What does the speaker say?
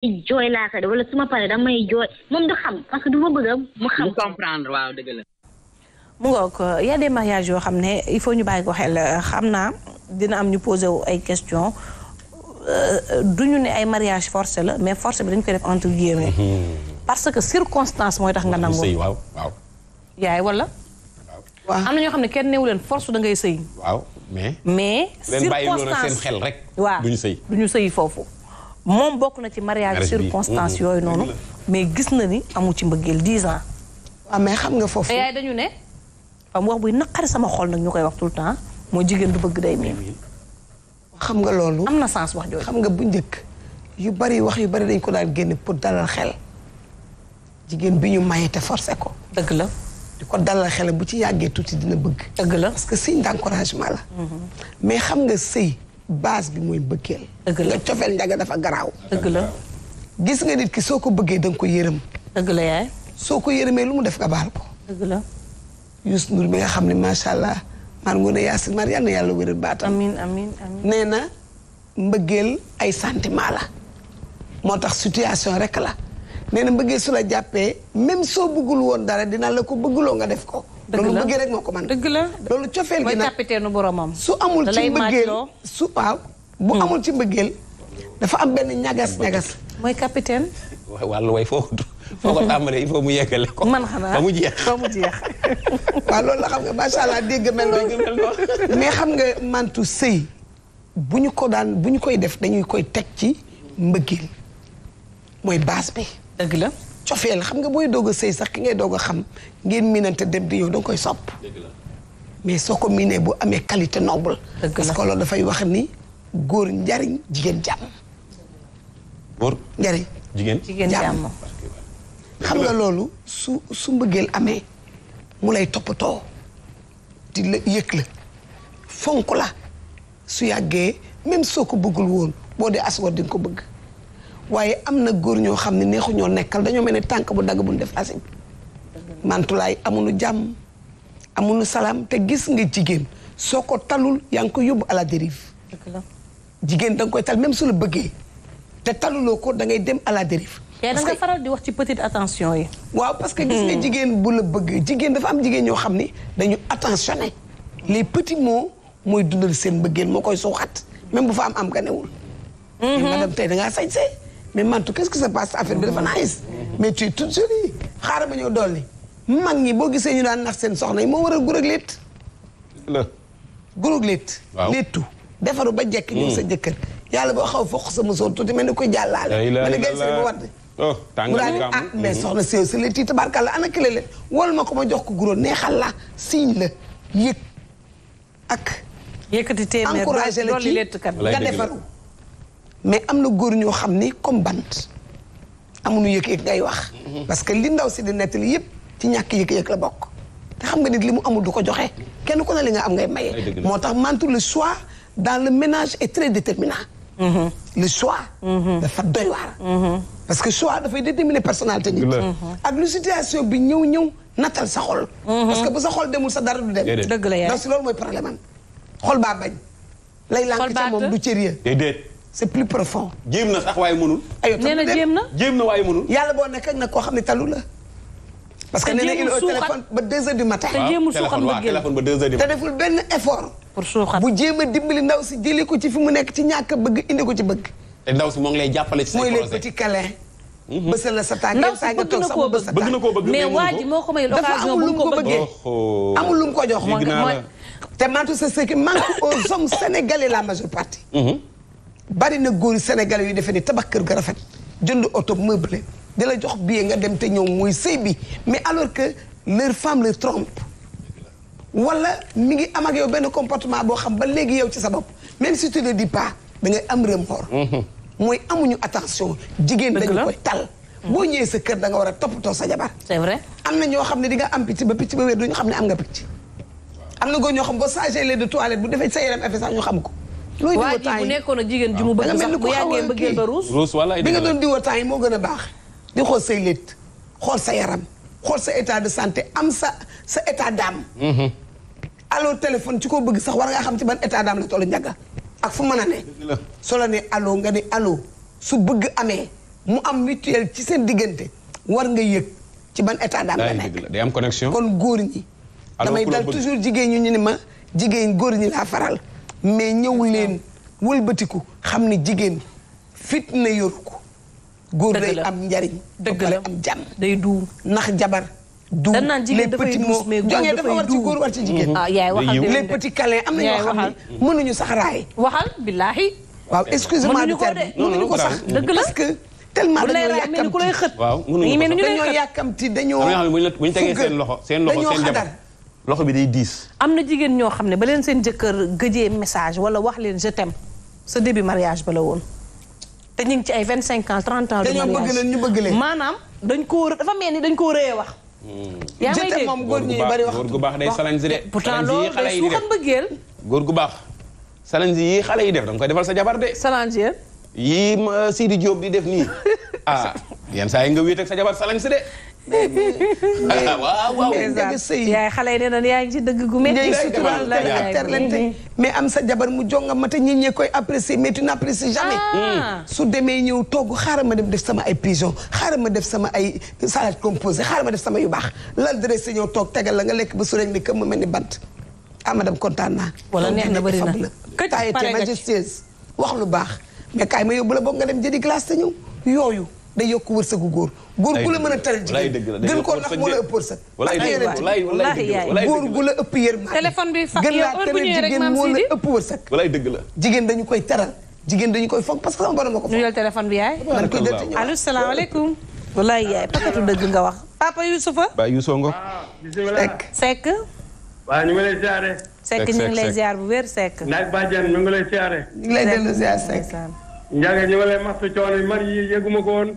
jooy laa ko de wala ma ma bëgg mu xam. mu comprendre waaw dëgg mariages yoo xam ne il faut ñu bàyyi ko xel xam naa dina am ñu posé wu ay question euh, du ñu ne ay mariage forcé la mais force bi dañ koy def entre guillemets. Mm-hmm. parce que circonstance mooy tax nga nangu. waaw yaay wala. waaw am na ñoo xam ne kenn newu leen force da ngay sëy. waaw mais. mais circonstance leen bàyyi rek. waaw du ñu sëy du ñu sëy foofu. moom bokk na ci mariage circonstance mm-hmm. yooyu noonu mais gis na ni amu ci mbëggeel dix ans waaw ah, mais xam nga foofu yaay dañu ne am wax buy naqari sama xol nag ñu koy wax tout temps moo jigéen du bëgg day miin xam nga loolu am na sens wax jooju xam nga bu njëkk yu bari wax yu bari dañ ko daal génne pour dalal xel jigéen bi ñu mayee te forcé ko dëgg la di ko dalal xel bu ci yàggee tuuti dina bëgg dëgg la parce que signe d'encouragement la mm-hmm. mais xam nga sëy base bi mooy mbëggeel. dëgg la nga cofeel njaga dafa garaaw. dëgg la gis nga nit ki soo ko bëggee da ko yërëm. dëgg la soo ko yërëmee lu mu def nga baal ko. dëgg la. Youssou Ndour mi nga xam ne macha allah mar ngoon a yaasin mar yal na yàlla wéral baatam. amiin amiin amiin nee na mbëggeel ay sentiment la. moo tax situation rek la nee na mbëggeel su la jàppee même soo bëggul woon dara dina la ko bëgguloo nga def ko. loolu bëggee rek moo ko man dëgg la loolu cofeel gi nag boromam su amul ci mbëggeel su waaw bu hmm. amul ci mbëggeel dafa am benn ñagas ñagas mooy capitaine wàllu way foofu foo ko mu yeggale ko man xanaa mu jeex ba mu jeex waaw loolu la xam nga macha allah dégg mel noonu mais xam nga mantu sëy bu ñu ko daan bu ñu koy def dañuy koy teg ci mbëggeel mooy base bi dëgg la cofeel xam nga booy doog a sëy sax ki ngay doog a xam ngeen miinante dem di yow danga koy sopp mais soo ko miinee bu amee qualité noble parce que loolu dafay wax ni góor njariñ jigéen jàmm góor njariñ jigéen jàmm xam nga loolu su su mbëggeel amee mu lay toppatoo di la yëg la fonk la su yàggee même soo ko bëggul woon boo dee aswar di nga ko bëgg waaye am na góor ñoo xam ne neexu ñoo nekkal dañoo mel ne tànk bu dagg bu ñu def asi mantulaay amuñu jàmm amuñu salaam te gis nga jigéen soo ko talul yaa ngi ko yóbbu à jigéen da koy tal même su la bëggee te taluloo ko da ngay dem à la dérive faral di wax ci petite attention yi waaw parce que gis nga hmm. jigéen bu la bëgg jigéen dafa am jigéen ñoo xam ni dañu attentionné les petits mots mooy dundal seen bëggeel moo koy suuxat même bu fa am am ganewul hmm. mais madame tey da ngaa sañsee mais Mantou qu'est-ce qui se passe affaire bi dafa nice mais tu es toute jolie xaaral ma ñëw dolli mag ñi boo gisee ñu daan nax seen soxna yi moo war a gurug létt la gurug létt léttu defaru ba jekk ñu sa hmm. jëkkër yàlla boo xaw foq sa musóor tuuti mel ni koy jàllaale ma ne gay sëri bu wadd mu daal di ah mais hmm. soxna séew si létt yi tabarkàlla ana kële leen ma ko ma jox ko guró neexal la siiñ la yëg ak encouragé la ci nga defaru mais am na góor ñoo xam ni comme bant amuñu yëg-yëg ngay wax. Mm-hmm. parce que li ndaw si di nettali yëpp ci ñàkk yëg-yëg la bokk. te xam nga nit li mu amul du ko joxe kenn ko ne li nga am ngay maye. moo tax mantu le choix dans le ménage est très déterminant. Mm-hmm. le choix. Mm-hmm. dafa doy waar. parce que choix dafay déterminer personnalité nit. ak lu situation bi ñëw ñëw natal sa xol. parce que bu sa xol demul sa dara du dem. dëgg la yaay ndax si loolu mooy problème am xol baa bañ. lay lànk ca c' est plus profond. jéem na sax waaye mënul. aywa nee na jéem na jéem na waaye mënul. yàlla xam ne talu la. parce que nee na il au suuxat ba 2 du matin. te deful benn effort. bu jéem a dimbali ndaw si jëlee ko ci fi mu nekk ci ñàkk bëgg indi ko ci bëgg. te ndaw si moo lay jàppale ci say projet mooy les petits câlins. Mhm. bësal sa tànk ndaw si bëgg na koo bëgg na mais waa moo ko may l'occasion bu ko bëggee amul ko jox. te Mantou c'est ce qui manque aux hommes sénégalais la majeure partie mhm. bari na góor yi Sénégal yu defee ni tabax kër ga rafet jënd oto meublé di la jox billet nga dem te ñëw mooy sëy bi mais alors que leur femme leur trompe wala mi ngi am ak yow benn comportement boo xam ba léegi yow ci sa bopp même si tu ne dis pas da ngay am remords. Mhm. mooy amuñu attention. jigéen dañu koy tal. boo ñëwee sa kër da nga war a topp toppatoo sa jabar. c'est vrai am na ñoo xam ne di nga am picc ba picc ba wér du ñu xam ne am nga picc. am na góor ñoo xam boo changé les defee sa yaram effet sax ñu ko. looy diwa temps yi bu nekkoon a jigéen ju mu bëgg sax bu yàggee bëggee ba ruus ruus wala bi nga doon diwa temps yi moo gën a baax di xool say létt xool sa yaram xool sa état de santé am sa sa état d'âme mm-hmm. allo téléphone ci ko bëgg sax war ngaa xam ci ban état d'âme la tollu njaga ak fu man a ne soo la ne allo nga ne allo su bëgg amee mu am mutuel ci seen diggante war nga yëg ci ban état d'âme la nekk day am connexion kon góor ñi damay dal toujours jigéen ñu ñu ne ma jigéen góor ñi laa faral mais ñëw leen wëlbatiku xam ne jigéen fitna yoru ko góor day am njariñ dëgg la am jàmm day duum ndax jabar du les petits mots jonge dafa war ci góor war ci jigéen ah, yaay waxal les que tellement dañoo yàkkamti waaw mënuñu ko sax dañoo yàkkamti dañoo dañoo xadar loxo bi day diis. am na jigéen ñoo xam ne ba leen seen jëkkër gëjee message wala wax leen je t'aime sa mariage ba la woon te ñu ngi ci ay vingt cinq ans trente ans. de mariage dañoo leen ñu bëgg leen. maanaam dañ ko dafa mel ni dañ koo rëyee wax. Hmm. yaa ngi may moom góor ñi bari wax góor gu baax day salansi de. pourtant loolu day suuxat góor gu baax salansi yii xale yi def da nga koy defal sa jabar de. salansi yii Sidi Diop di def nii ah, yan saa yi nga wéet ak sa jabar salansi de. Ah, waaw waaw nga yaay xale yi nee nan yaa ngi ci dëgg gu métti sutural la terlante mm-hmm. mais am sa jabar mu jonga mata ñi ñee koy apprécier mais tu ah. mm. su demee ñëw togg xaaral ma dem def sama ay pigeon xaaral ma def sama ay salade composée xaaral ma def sama yu baax lal dressé ñëw toog tegal la nga lekk ba su rek ni këm ma mel ni bant ah madame kontaan naa wala neex na bëri na taayete majestueuse wax lu baax mais kaay ma yóbbu la boo nga dem jëndi glace te ñëw yooyu day yokk wërsëgu góor góor gu la mën a taral jigéen gën koo nax moo la ëpp wërsëg ëpp yër téléphone bi gën dëgg la jigéen dañu koy teral jigéen dañu koy foog parce que sama borom ma ko foog ñu jël téléphone bi yaay man koy dëtt ñëw yaay pakatu dëgg nga wax papa Youssoufa ba Youssou Ngok Seck Seck waaw ñu ngi lay ziare Seck ñu ngi lay ziar bu wér Seck naaj bàjjan ñu ngi lay ziare ñu ngi lay dellu ziar Seck ñu ngi lay mastu coono man yi yëguma ko woon